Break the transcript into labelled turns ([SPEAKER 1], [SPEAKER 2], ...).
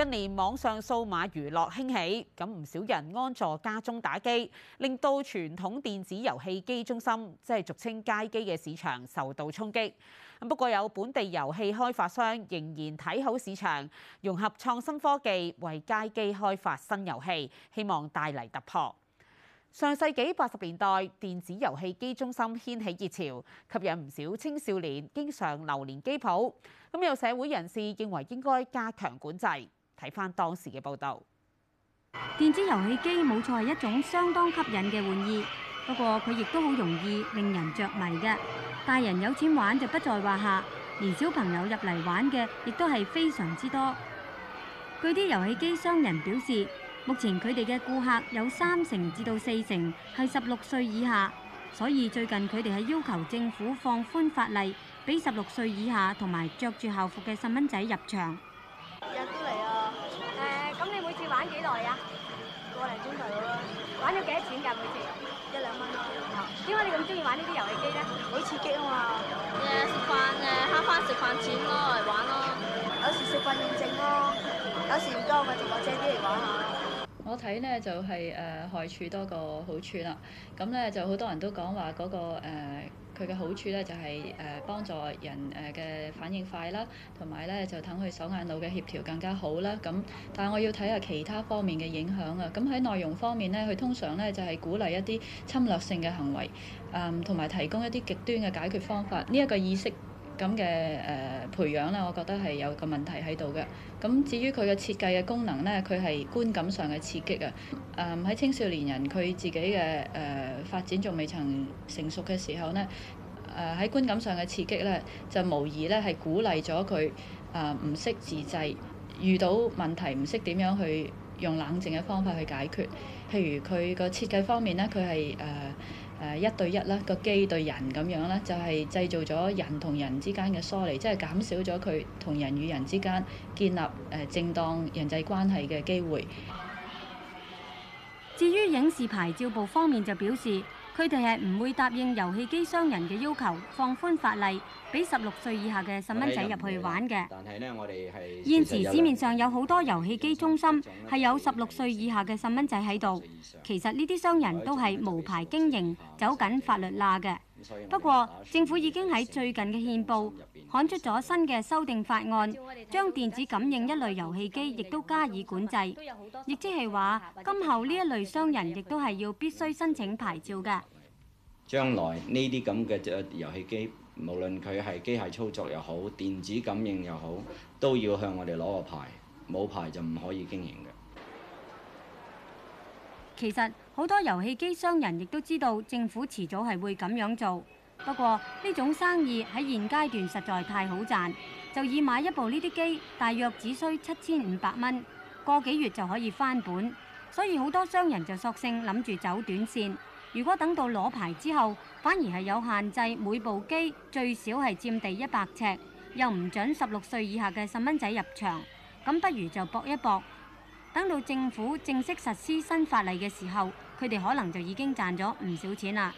[SPEAKER 1] 近年網上數碼娛樂興起，咁唔少人安坐家中打機，令到傳統電子遊戲機中心，即係俗稱街機嘅市場，受到衝擊。不過，有本地遊戲開發商仍然睇好市場，融合創新科技，為街機開發新遊戲，希望帶嚟突破。上世紀八十年代，電子遊戲機中心掀起熱潮，吸引唔少青少年經常流連機鋪。咁有社會人士認為應該加強管制。睇翻當時嘅報導，
[SPEAKER 2] 電子遊戲機冇錯係一種相當吸引嘅玩意，不過佢亦都好容易令人着迷嘅。大人有錢玩就不在話下，而小朋友入嚟玩嘅亦都係非常之多。據啲遊戲機商人表示，目前佢哋嘅顧客有三成至到四成係十六歲以下，所以最近佢哋係要求政府放寬法例，俾十六歲以下同埋着住校服嘅細蚊仔入場。個零鐘頭咯，玩咗幾多錢噶、啊、每次一兩蚊咯，點解？啊、你咁中意玩呢啲遊戲機咧？好刺激啊嘛！誒食、yeah, 飯誒慳翻食飯錢咯、啊、嚟玩咯、啊啊，有時食飯應徵咯，有
[SPEAKER 3] 時唔多咪就借啲嚟玩下、啊。我睇呢就係誒害處多過好處啦，咁呢就好多人都講話嗰個誒佢嘅好處呢，就係誒幫助人誒嘅反應快啦，同埋呢就等佢手眼腦嘅協調更加好啦。咁但係我要睇下其他方面嘅影響啊。咁喺內容方面呢，佢通常呢就係鼓勵一啲侵略性嘅行為，誒同埋提供一啲極端嘅解決方法。呢一個意識。咁嘅誒培養咧，我覺得係有個問題喺度嘅。咁至於佢嘅設計嘅功能咧，佢係觀感上嘅刺激啊！誒、嗯、喺青少年人佢自己嘅誒、呃、發展仲未曾成熟嘅時候咧，誒、呃、喺觀感上嘅刺激咧，就無疑咧係鼓勵咗佢啊唔識自制，遇到問題唔識點樣去用冷靜嘅方法去解決。譬如佢個設計方面咧，佢係誒。呃誒一對一啦，個機對人咁樣啦，就係、是、製造咗人同人之間嘅疏離，即係減少咗佢同人與人之間建立誒正當人際關係嘅機會。至於影視牌照部方
[SPEAKER 2] 面就表示，佢哋係唔會答應遊戲機商人嘅要求，放寬法例，俾十六歲以下嘅細蚊仔入去玩嘅。
[SPEAKER 3] 但係現時市面
[SPEAKER 2] 上有好多遊戲機中心係有十六歲以下嘅細蚊仔喺度。其實呢啲商人都係無牌經營，走緊法律罅嘅。不過政府已經喺最近嘅憲報刊出咗新嘅修訂法案，將電子感應一類遊戲機亦都加以管制，亦即係話今後呢一類商人亦都係要必須申請牌照嘅。
[SPEAKER 3] 將來呢啲咁嘅遊戲機，無論佢係機械操作又好，電子感應又好，都要向我哋攞個牌，冇牌就唔可以經營嘅。
[SPEAKER 2] 其實好多遊戲機商人亦都知道政府遲早係會咁樣做，不過呢種生意喺現階段實在太好賺，就以買一部呢啲機，大約只需七千五百蚊，個幾月就可以翻本，所以好多商人就索性諗住走短線。如果等到攞牌之後，反而係有限制，每部機最少係佔地一百尺，又唔準十六歲以下嘅細蚊仔入場，咁不如就搏一搏。等到政府正式實施新法例嘅時候，佢哋可能就已經賺咗唔少錢啦。